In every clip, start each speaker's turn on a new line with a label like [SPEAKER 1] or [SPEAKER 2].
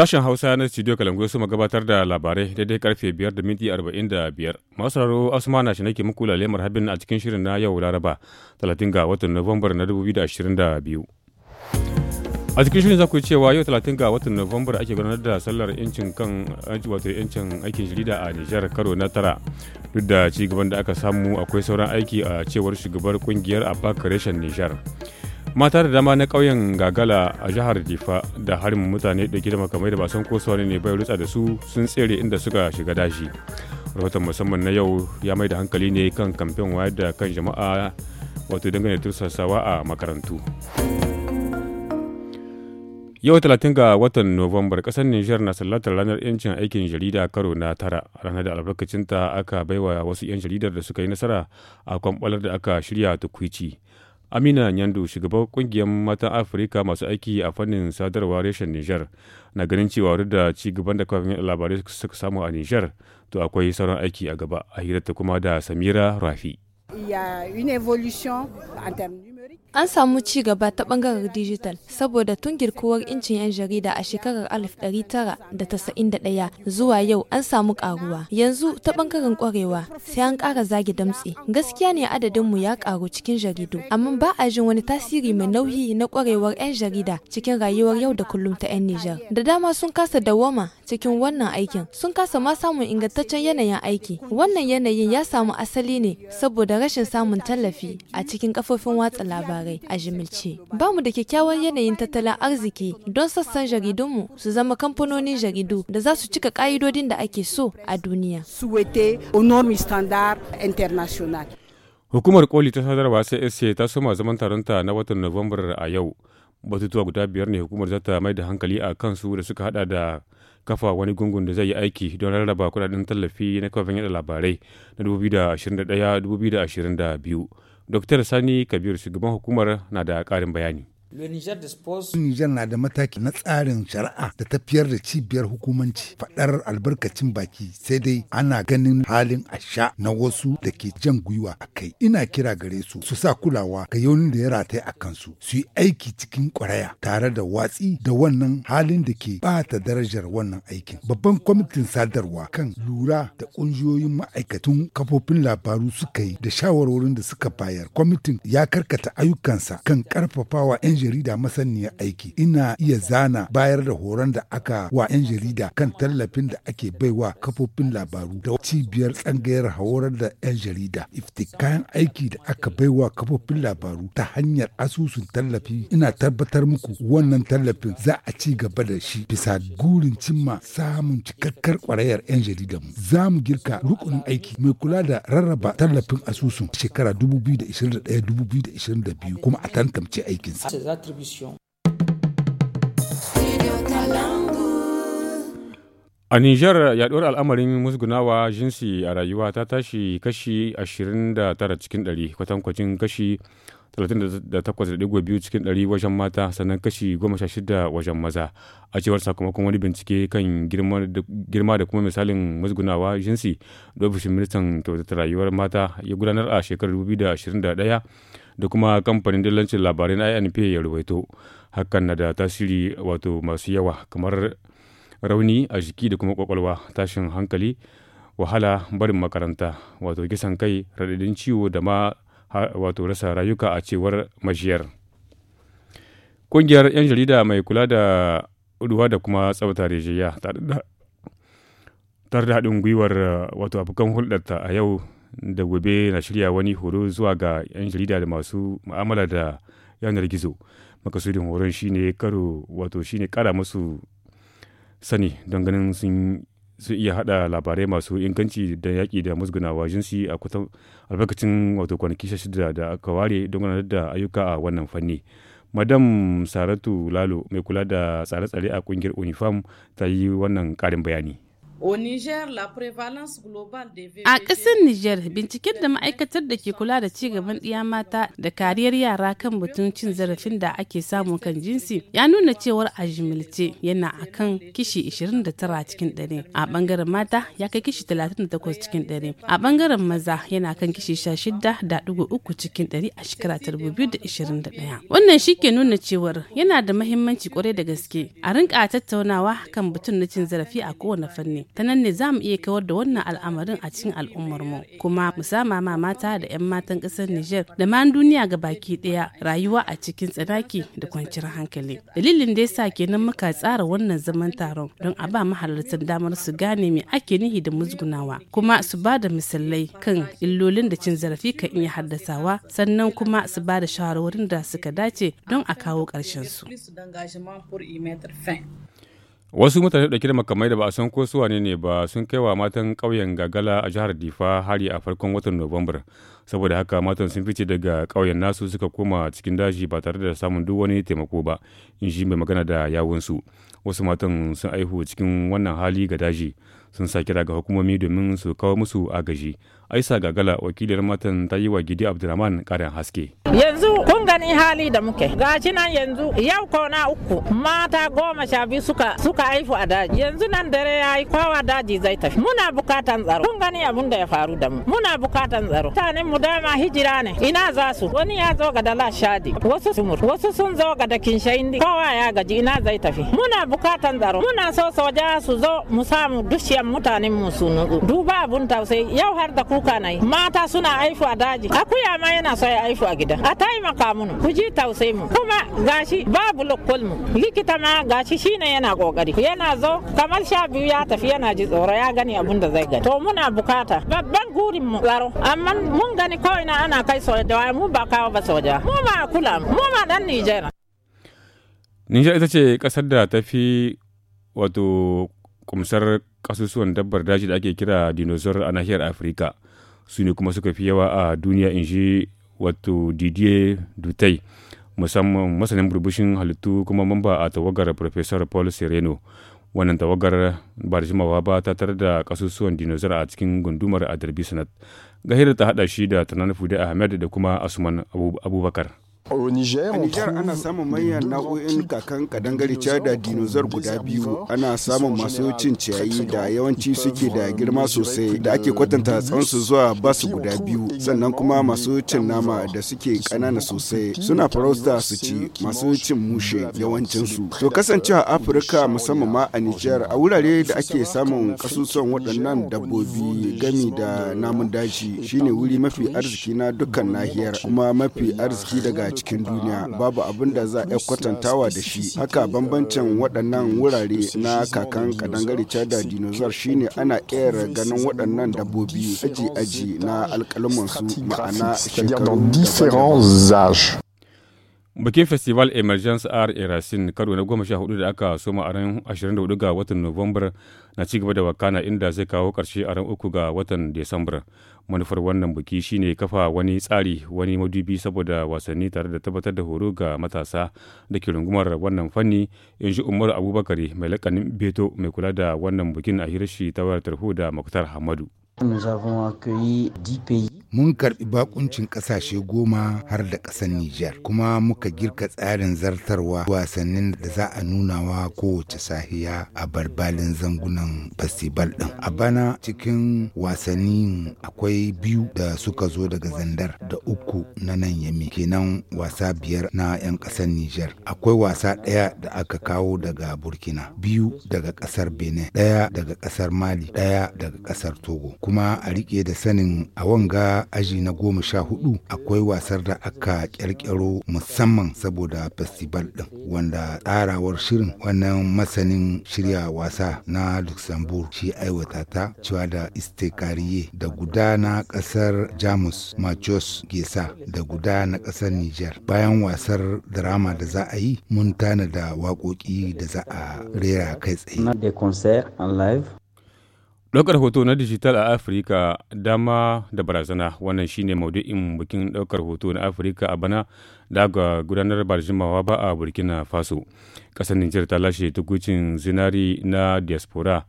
[SPEAKER 1] Sashen Hausa na Studio Kalangoyo su gabatar da labarai daidai karfe 5 da minti 45. Masu raro Asmana shi nake muku lalemar habin a cikin shirin na yau Laraba 30 ga watan Nuwambar na 2022. A cikin shirin za ku cewa yau 30 ga watan Nuwambar ake gudanar da sallar yancin kan wato yancin aikin jarida a Nijar karo na tara. Duk da ci gaban da aka samu akwai sauran aiki a cewar shugabar kungiyar a reshen Nijar. mata da dama na ƙauyen gagala a jihar difa da harin mutane da gidan makamai da ba san kosuwa ne bai rutsa da su sun tsere inda suka shiga dashi rahoton musamman na yau ya mai da hankali ne kan kamfen wayar da kan jama'a wato dangane da tursasawa a makarantu yau 30 ga watan nuwambar kasar nijar na sallatar ranar 'yancin aikin jarida karo na tara ranar da albarkacinta aka baiwa wasu 'yan jaridar da suka yi nasara a kwamɓalar da aka shirya tukwici Amina Nyandu shugaban kungiyar matan Afirka masu aiki a fannin sadarwa reshen Nijar na ganin cewa duk da ci gaban da kafin labarai suka samu a Nijar to akwai sauran aiki a gaba a hirarta kuma da Samira Rafi.
[SPEAKER 2] Il y a une évolution en termes An samu ci gaba ta bangaren dijital saboda tun girkuwar incin 'yan jarida a shekarar 1991 zuwa yau an samu karuwa. Yanzu ta bangaren kwarewa sai an kara zagi damtse. Gaskiya ne adadinmu ya karu cikin jaridu, amma ba a jin wani tasiri mai nauyi na kwarewar 'yan jarida cikin rayuwar yau da kullum ta 'yan Nijar. Da dama sun kasa dawwama cikin wannan aikin, sun kasa ma samun ingantaccen yanayin aiki. Wannan yanayin ya samu asali ne saboda rashin samun tallafi a cikin kafofin watsa labarai. labarai a jimilce. Ba mu da kyakkyawan yanayin tattalin arziki don sassan jaridunmu su zama kamfanonin jaridu da za su cika ka'idodin da ake so a duniya.
[SPEAKER 1] Hukumar koli ta sadarwa CSA ta soma zaman taronta na watan Nuwambar a yau. Batutuwa guda biyar ne hukumar za ta mai da hankali a kansu da suka hada da kafa wani gungun da zai yi aiki don rarraba kudaden tallafi na kafin yada labarai na 2021-2022 Dr. Sani Kabir shugaban hukumar na da ƙarin bayani.
[SPEAKER 3] Niger na da mataki na tsarin shari'a da tafiyar da cibiyar hukumanci faɗar albarkacin baki sai dai ana ganin halin asha na wasu da ke jan gwiwa a kai. Ina kira gare su su sa kulawa ga yaunin da ya rataye a kansu su yi aiki cikin kwaraya tare da watsi da wannan halin da ke ta darajar wannan aikin. Babban kwamitin sadarwa kan lura da ƙungiyoyin ma'aikatun kafofin labaru suka yi da shawarwarin da suka bayar. Kwamitin ya karkata ayyukansa kan ƙarfafawa 'yan jarida masaniya aiki ina iya zana bayar da horon da aka wa 'yan jarida kan tallafin da ake baiwa kafofin labaru da cibiyar tsangayar horar da 'yan jarida iftikayan aiki da aka baiwa kafofin labaru ta hanyar asusun tallafi ina tabbatar muku wannan tallafin za a ci gaba da shi bisa gurin cimma samun cikakkar kwarayar 'yan mu za mu girka rukunin aiki mai kula da rarraba tallafin asusun shekara 2021-2022 kuma a tantance aikinsa
[SPEAKER 1] attributions. A Nijar yaduwar al'amarin musgunawa jinsi a rayuwa ta tashi kashi 29 cikin 100 kwatankwacin kashi 38.2 cikin 100 wajen mata sannan kashi 16 wajen maza a cewar sakamakon wani bincike kan girma da kuma misalin musgunawa jinsi da ofishin ministan kyautata rayuwar mata ya gudanar a shekarar 2021 da kuma kamfanin dillancin labarai na inp ya ruwaito hakan na da tasiri wato masu yawa kamar rauni a jiki da kuma kwakwalwa tashin hankali wahala barin makaranta wato kisan kai raɗaɗin ciwo da ma wato rasa rayuka a cewar majiyar ƙungiyar 'yan jarida mai kula da ruwa da kuma tsabta rejiya tare da haɗin gwiwar wato abokan hulɗarta a yau da gobe na shirya wani horo zuwa ga 'yan jarida da masu mu'amala da yanar gizo makasudin horon shine karo wato shine kara masu sani don ganin sun su iya hada labarai masu inganci da yaƙi da musgunawa jinsi a kutan albarkacin wato kwanaki shida da aka ware don gudanar da ayyuka a wannan fanni madam saratu lalo mai kula da tsare-tsare a kungiyar uniform ta yi wannan karin bayani
[SPEAKER 4] A ƙasar Nijar, binciken da ma'aikatar da ke kula da ci gaban ɗiya mata da kariyar yara kan batun cin zarafin da ake samu kan jinsi ya nuna cewar a jimilce yana a kan kishi 29 cikin ɗari. A ɓangaren mata ya kai kishi 38 cikin ɗari. A ɓangaren maza yana kan kishi 16.3 cikin ɗari a shekara 2021. Wannan shi ke nuna cewar yana da mahimmanci kwarai da gaske a rinka tattaunawa kan batun na cin zarafi a kowane fanni. ta nan ne za mu iya kawar da wannan al'amarin a cikin al'ummar mu kuma mu sama ma mata da 'yan matan ƙasar niger da ma duniya ga baki ɗaya rayuwa a cikin tsanaki da kwanciyar hankali dalilin da yasa kenan muka tsara wannan zaman taron don a ba mahalartan damar su gane me ake nihi da musgunawa kuma su ba da misalai kan illolin da cin zarafi ka iya haddasawa sannan kuma su ba da shawarwarin da suka dace don a kawo ƙarshen su.
[SPEAKER 1] Wasu mutane da da makamai da ba a san ko su wane ne ba sun kai wa matan ƙauyen Gagala a jihar Difa hari a farkon watan Nuwambar. Saboda haka matan sun fice daga ƙauyen nasu suka koma cikin daji ba tare da samun duk wani taimako ba, in ji mai magana da yawunsu. Wasu matan sun aihu cikin wannan hali ga daji. Sun sa kira ga hukumomi domin su kawo musu agaji. Aisa Gagala wakiliyar matan ta yi wa Gidi Abdulrahman ƙarin haske.
[SPEAKER 4] Yanzu ganin hali da muke gashi nan yanzu yau kona uku mata goma sha biyu suka suka haifu a daji yanzu nan dare ya yi kowa daji zai tafi muna bukatan tsaro kun gani abun da ya faru da mu muna bukatan tsaro mutanen mu dama hijira ne ina za su wani ya zo ga dala shadi wasu sumur wasu sun zo ga dakin shaindi kowa ya gaji ina zai tafi muna bukatan tsaro muna so soja su zo mu samu dushiyan mutanen mu su nutsu duba abun tausayi yau har da kuka na yi mata suna haifu a daji akuya ma yana so ya haifu a gida a taimaka munu ku ji tausayi mu kuma gashi babu lokol mu likita ma gashi shine yana kokari yana zo kamar sha biyu ya tafi yana ji tsoro ya gani abun da zai gani to muna bukata babban gurin mu tsaro amma mun gani kawai na ana kai soja mu ba kawo ba soja mu ma kula mu ma dan nijera.
[SPEAKER 1] Nijar ita ce kasar da ta fi wato kumsar kasusuwan dabbar daji da ake kira dinosaur a nahiyar Afirka su ne kuma suka fi yawa a duniya in shi wato didier dutai musamman masanin burbushin halittu kuma mamba a tawagar professor paul sereno wannan tawagar ba da jimawa ba ta tare da kasusuwan dinozar a cikin gundumar a darbi sanat gahirar ta hada shi da tanan fude ahmed da kuma asuman abubakar
[SPEAKER 3] Au Niger, Niger ana samun manyan nau'o'in kakan kadangariciya da dinozar guda biyu ana samun masu cin ciyayi da yawanci suke da girma sosai da ake kwatanta tsansu zuwa basu guda biyu sannan kuma masu cin nama da suke kanana sosai suna farauta su ci masu cin mushe yawancinsu to kasancewa afirka musamman ma a Niger a wurare da ake samun kasusuwan waɗannan dabbobi gami da namun daji shine wuri mafi arziki na dukkan nahiyar kuma mafi arziki daga a cikin duniya babu abin da za a kwatantawa da shi haka bambancin waɗannan wurare na kakan kadangare da dinosaur shine ana ƙera ganin waɗannan dabbobi aji-aji na alƙalmansu
[SPEAKER 4] ma'ana shekaru
[SPEAKER 1] Bikin Festival Emergence R Erasin karo na goma sha hudu da aka soma a ran 24 ga watan Nuwambar na ci gaba da wakana inda zai kawo karshe a ran uku ga watan Desambar. Manufar wannan biki shine kafa wani tsari wani madubi saboda wasanni tare da tabbatar da horo ga matasa da ke rungumar wannan fanni in ji Umaru Abubakar mai lakanin Beto mai kula da wannan bikin a hirashi ta wayar tarho da Muktar Hamadu.
[SPEAKER 3] Mun karɓi bakuncin ƙasashe goma har da ƙasar Nijar, kuma muka girka tsarin zartarwa wasannin da za a nunawa kowace sahiya a barbalin zangunan festival ɗin. A bana cikin wasannin akwai biyu da suka zo daga zandar da uku na nan yami kenan wasa biyar na 'yan ƙasar Nijar. Akwai wasa ɗaya da aka kawo daga Burkina, biyu daga ƙasar Benin, ɗaya daga ƙasar Mali, ɗaya daga ƙasar Togo. kuma a rike da sanin a wanga aji na goma sha hudu akwai wasar da aka kyalkyaro musamman saboda festival din wanda tsarawar shirin wannan masanin shirya wasa na luxembourg shi aiwata ta cewa da istekariye da guda na kasar jamus machos gesa da guda na kasar niger bayan wasar drama da za a yi mun tana da waƙoƙi da za a rera kai tsaye
[SPEAKER 1] Ɗaukar hoto na dijital a Afirka dama da barazana wannan shine maudu'in bikin ɗaukar hoto na Afirka a bana da ga gudanar ba ba a Burkina Faso. Ƙasar Nijar ta lashe tukucin zinari na diaspora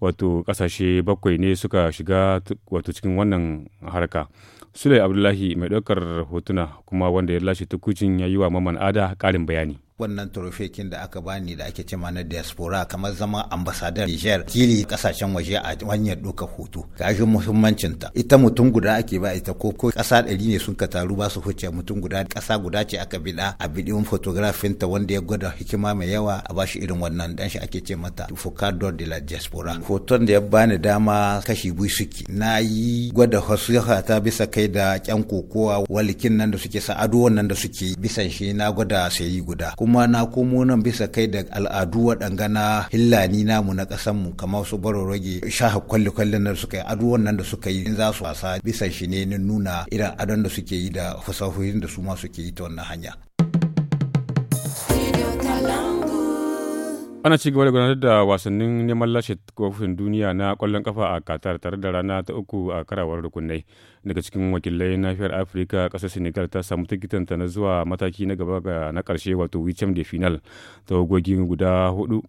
[SPEAKER 1] wato ƙasashe bakwai ne suka shiga wato cikin wannan harka. Sule Abdullahi mai ɗaukar hotuna kuma wanda ya lashe tukucin ya yi wa Maman Ada ƙarin bayani.
[SPEAKER 3] wannan turufekin da aka bani da ake cema na diaspora kamar zama ambasadar Niger kili kasashen waje a hanyar ɗauka hoto kaji
[SPEAKER 5] muhimmancin
[SPEAKER 3] ta ita mutum guda ake ba ita ko ko kasa ɗari ne sun ka taru ba su huce mutum guda kasa guda ce aka bida a bidiyon photographin ta wanda ya gwada hikima mai yawa a bashi irin wannan dan shi ake ce mata focador de la diaspora hoton da ya bani dama kashi biyu suke na yi gwada hasuha ta bisa kai da kyan kokowa walikin nan da suke sa ado wannan da suke bisan shi na gwada sayi guda kuma na komo nan bisa kai da al'adu waɗanga na hillani namu na ƙasanmu kamar su baro rage shaha kwalli kwallin da suka yi ado wannan da suka yi za su wasa bisa shi ne nuna irin adon da suke yi da fasahohin da su ma suke yi ta wannan hanya
[SPEAKER 1] ana ci gaba da gudanar da wasannin neman lashe kofin duniya na kwallon kafa a katar tare da rana ta uku a karawar rukunai daga cikin wakilai nafiyar afirka kasar senegal ta samu tikitanta na zuwa mataki na gaba ga na karshe wato wicem de final ta gogi guda hudu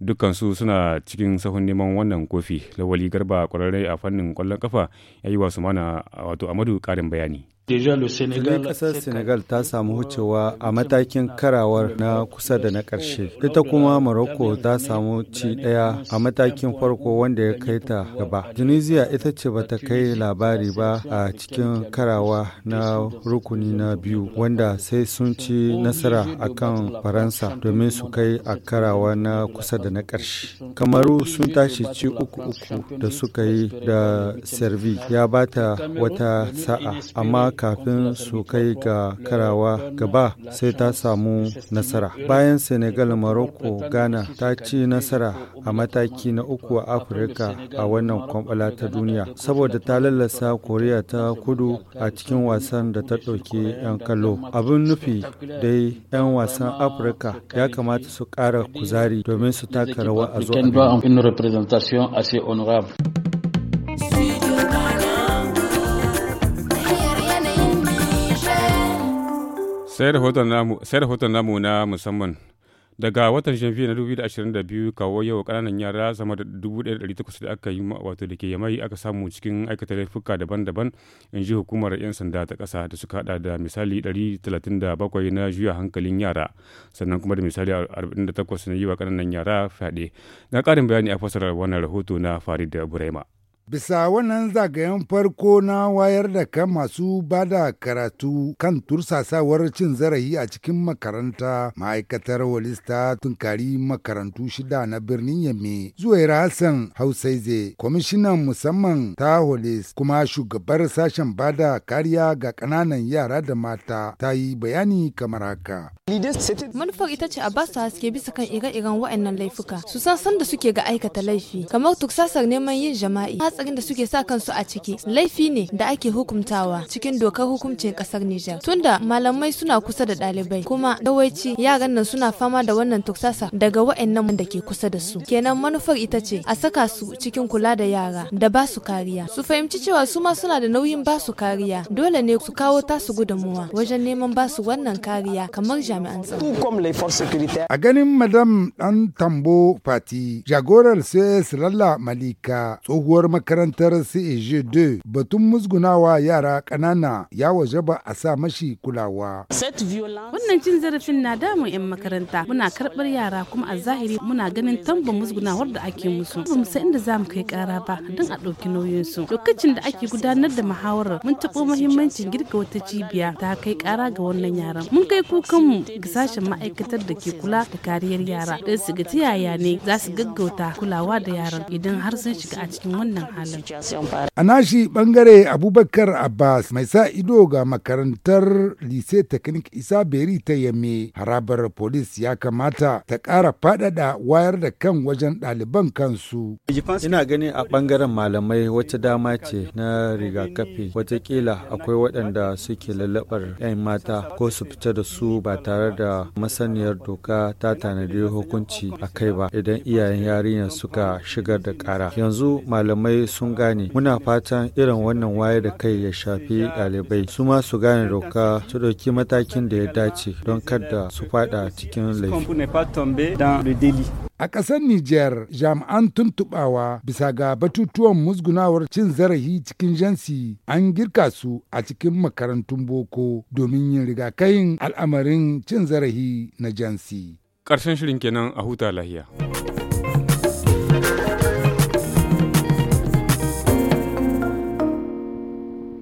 [SPEAKER 1] dukansu suna cikin sahun neman wannan kofi lawali garba kwararre a fannin kwallon kafa ya yi wasu mana wato amadu karin bayani Tuni ƙasar
[SPEAKER 5] Senegal ta samu wucewa a matakin karawar na kusa da na ƙarshe. Ita kuma Morocco ta samu ci ɗaya a matakin farko wanda ya kai ta gaba. Tunisia ita ce bata kai labari ba a cikin karawa na rukuni na biyu wanda sai sun ci nasara akan Faransa domin su kai a karawa na kusa da na ƙarshe. Kamaru sun tashi ci uku uku da suka yi da Servi ya bata wata sa'a amma kafin su kai ga karawa gaba sai ta samu nasara. Bayan Senegal Morocco Ghana ta ci nasara a mataki na uku a Afirka a wannan kwamfala ta duniya saboda ta lallasa Koriya ta kudu a cikin wasan da ta ɗauki 'yan kallo. Abin nufi dai 'yan wasan Afirka ya kamata su ƙara kuzari domin su taka rawa a zo.
[SPEAKER 1] sai rahoton namu na musamman daga watan janvier na 2022 kawo yau kananan yara sama da 1,800 da aka yi wato da ke yamai aka samu cikin aikata laifuka daban-daban in ji hukumar 'yan sanda ta ƙasa da suka hada da misali 137 na juya hankalin yara sannan kuma da misali 48 na yi wa kananan yara fyaɗe na ƙarin bayani a fasarar wannan rahoto na farid burema
[SPEAKER 3] Bisa wannan zagayen farko na wayar da kan masu bada karatu kan tursasawar cin zarafi a cikin makaranta ma'aikatar walista tunkari makarantu shida na birnin Yamme zuwaira Hassan Hausaize kwamishinan musamman ta Holis kuma shugabar sashen bada kariya ga ƙananan yara da mata ta yi bayani kamar haka.
[SPEAKER 2] Manufar ita ce a ba su haske bisa kan ire-iren waɗannan laifuka su san da suke ga aikata laifi kamar tursasar neman yin jama'i hatsarin da suke sa kansu a ciki laifi ne da ake hukuntawa cikin dokar hukuncin kasar Nijar. Tunda malamai suna kusa da ɗalibai kuma yawanci yaran nan suna fama da wannan tuksasa daga wa'annan da ke kusa da su. Kenan manufar ita ce a saka su cikin kula da yara da ba su kariya. Su fahimci cewa su ma suna da nauyin ba su kariya. Dole ne su kawo tasu gudunmuwa wajen neman ba su wannan kariya kamar jami'an tsaro.
[SPEAKER 3] A ganin Madam Dan Tambo Fati, jagorar sai Lalla Malika, tsohuwar makarantar CEG2 batun musgunawa yara kanana ya waje ba a sa mashi kulawa.
[SPEAKER 4] Wannan cin zarafin na damun 'yan makaranta muna karɓar yara kuma a zahiri muna ganin tambar musgunawar da ake musu. Ba mu san inda za mu kai kara ba don a ɗauki nauyinsu. Lokacin da ake gudanar da muhawarar mun taɓo mahimmancin girka wata cibiya ta kai ƙara ga wannan yaran. Mun kai kukanmu ga sashen ma'aikatar da ke kula da kariyar yara don su ga ta yaya ne za su gaggauta kulawa da yaran idan har sun shiga a cikin wannan
[SPEAKER 3] A nashi bangare Abubakar Abbas mai sa ido ga makarantar Lise Teknik Isa Beri ta yame harabar polis ya kamata ta ƙara faɗaɗa wayar da kan wajen ɗaliban kansu.
[SPEAKER 5] Ina gani a bangaren malamai wata dama ce na rigakafi watakila akwai waɗanda suke lallabar 'yan mata ko su fita da su ba tare da masaniyar doka ta tanadi hukunci a kai ba idan iyayen yarinya suka shigar da ƙara. Yanzu malamai ɗalibai sun gane. Muna fatan irin wannan wayar da kai ya shafi ɗalibai su ma su gane doka su ɗauki matakin da ya dace don kada su fada cikin laifi.
[SPEAKER 3] A ƙasar Nijar, jami'an tuntuɓawa bisa ga batutuwan musgunawar cin zarafi cikin jansi an girka su a cikin makarantun boko domin yin rigakayin al'amarin cin zarafi na
[SPEAKER 1] jansi. Ƙarshen shirin kenan a huta lahiya.